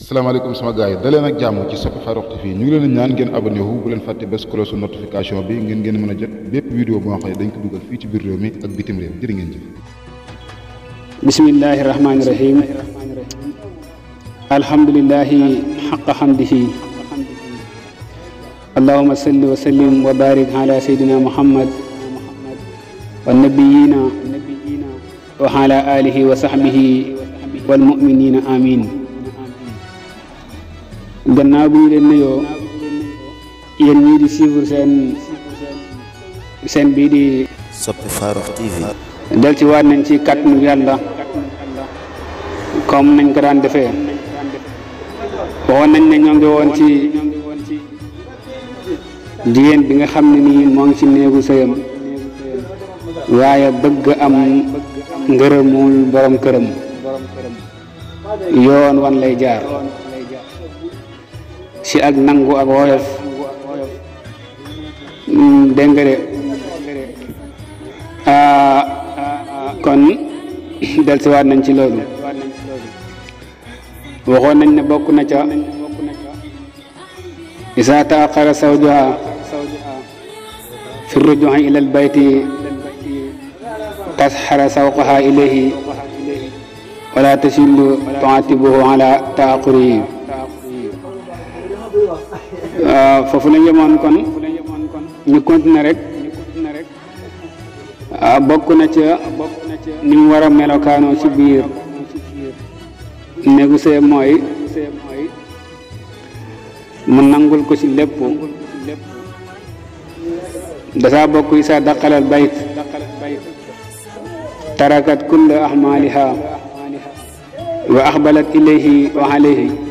السلام عليكم سما جاي دلنا جامو كي سب فاروق تفي نقول إن يان جن أبني هو بلن فاتي بس كل سو نوتيفيكاسيون بي جن جن من جد بيب فيديو ما خي دينك دوجل في تبير يومي أكبيتم ريم دين جن جن بسم الله الرحمن الرحيم الحمد لله حق حمده اللهم صل وسلم وبارك على سيدنا محمد والنبيين وعلى آله وصحبه والمؤمنين آمين gannaaw bi ñu leen nuyoo yéen ñii di suivre seen seen bii di soppi Farokh TV del ci waat nañ ci kat mu yàlla comme nañ ko daan defee waxoon nañ ne ñoo ngi woon ci jigéen bi nga xam ne nii moo ngi ci néegu sëyam waaye bëgg am ngërëmul borom këram yoon wan lay jaar si ak nangu ak woyof hmm, dégg nga de ah, kon dellusiwaat nañ ci loolu waxoon nañ ne bokk na ca isa taaxara sawjuha fi rujuhi ila albayti tasxara sawqaha ilayhi wala tashillu tuatibuhu ala taaqurihi waaw euh, foofu la yemoon kon ñu continuer rek euh, bokk na ca ni mu war a melokaanoo ci biir néegu sëy mooy mun nangul ko ci lépp dasaa bokk yi sa daqalal bayt tarakat kulla ahmaliha wa axbalat ilayhi wa alayhi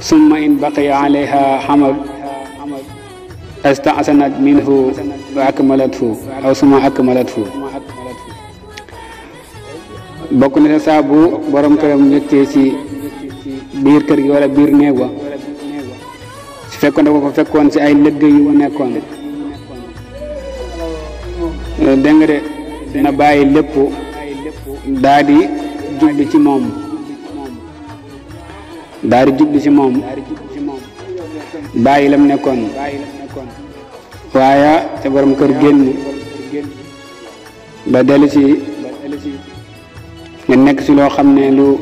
summa in baqiya alayha xamad istasanat minhu wa akmalathu aw summa akmalathu bokk na sa saa bu borom këram ñëkkee ci biir kër gi wala biir néeg wa su fekkoon da fekkoon ci ay liggéey yu mu nekkoon dégg nga de na bàyyi lépp daa di ci moom daari jubbi ci moom bàyyi lam nekkoon waaye te borom kër génn ba dellu ci nga nekk si loo xam ne lu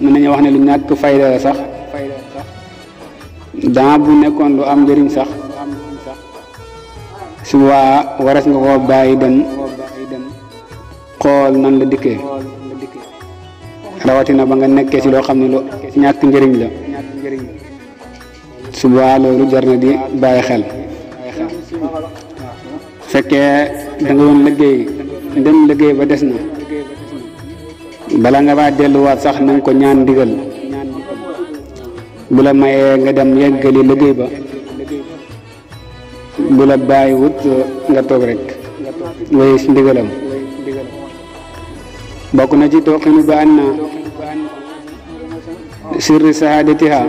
mën nañu wax ne lu ñàkk fayda la sax dama bu nekkoon lu am njëriñ sax su waa waras nga koo bàyyi dem xool nan la dikkee na ba nga nekké ci lo xamni lo ñak ndëriñ la su ba lolu jarna di baye xel fekke da nga won liggéey dem liggéey ba dess na bala nga ba delluwaat sax nang ko ñaan ndigal bu la nga dem yeggali liggéey ba bu la wut nga tok rek wéy ci ndigalam بكون جي توقن بأن سر سعادتها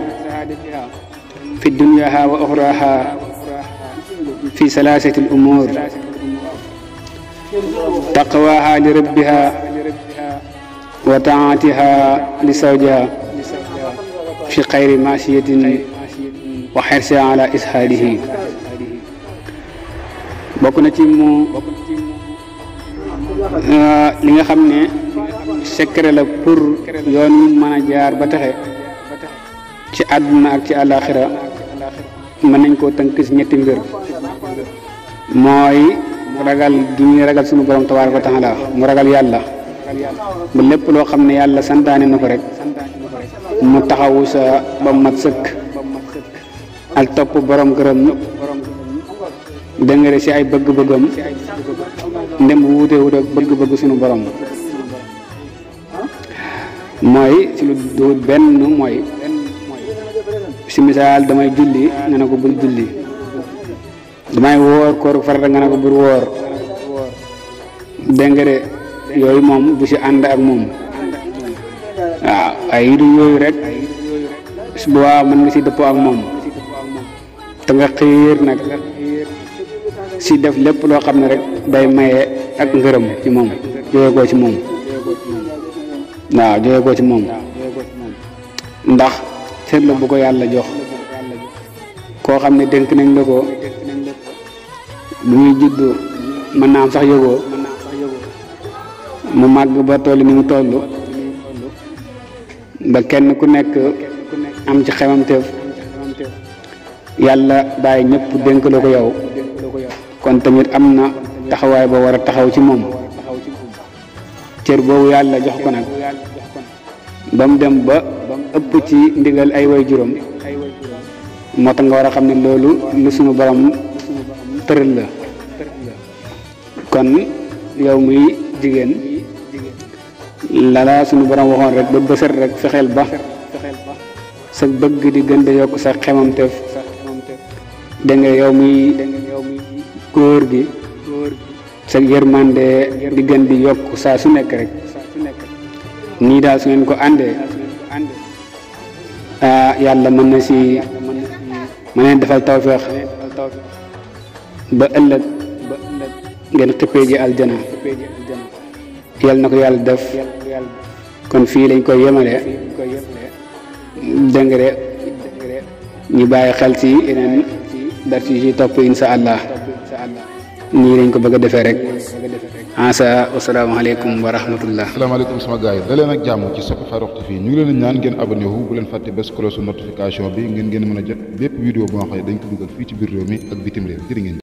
في الدنيا وأخراها في سلاسة الأمور تقواها لربها وطاعتها لزوجها في خير ماشية وحرصها على إسهاله بكون na مو mu secret la pour yoon wi jaar ba taxé ci aduna ak ci alakhirah mën nañ ko tënk ci ñetti mbir moy ragal gi ñuy ragal suñu borom tabaaraka wa taala mu ragal yalla bu lepp lo xamne yalla santane nako rek mu taxawu sa ba mat sekk al top borom si ay bëgg-bëggam ndem wuute wut bagu bëgg-bëgg suñu borom moy ci lu do ben moy si misal damay julli nga ne ko bul julli damay wor ko far nga ne ko bul woor dégg de yooyu bu ci and ak mom ay yidu yoy rek su boobaa mën nga ci dëppoo ak mom ta nga xir nak si def lepp lo xamne rek day maye ak ngeureum ci mom yoy ko ci mom waaw jóge ko ci moom ndax cër la bu ko yàlla jox koo xam ne dénk nañ la ko bu muy juddu mën naa am sax yógoo mu bu ba toll ni mu toll ba kenn ku nekk am ci xemamteef yàlla bàyyi ñëpp dénk la ko yow kon tamit am na taxawaay ba war a taxaw ci moom cër boobu yàlla jox ko nag ba mu dem ba ëpp ci ndigal ay way juróom moo tax nga war a xam ne loolu lu suñu borom tëral la kon yow muy jigéen la suñu borom waxoon rek ba bësër rek fexeel ba sa bëgg di gënd yokk sa tef da nga yow muy góor gi sa yërmande di gën bi yokk saa su nekk rek nii daal su ngeen ko àndee ah, yàlla mën na si ma neen defal tawféex ba ëllëg ngeen xippee ji aljana yàlla na ko yàlla def kon fii lañ koy yemale dëngre ñu bàyyi xel si yeneen topp insha allah nii lañ ko bëgg a defee rek ansa ah, asalaamaaleykum wa rahmatullah asalaamaaleykum sama gars yi daleen ak jàmm ci Sope Farokh TV ñu ngi leen di ñaan ngeen abonné bu leen fàtte bés cloche notification bi ngeen ngeen mën a jot bépp vidéo boo xam ne dañ ko dugal fii ci biir réew mi ak bitim réew jërë ngeen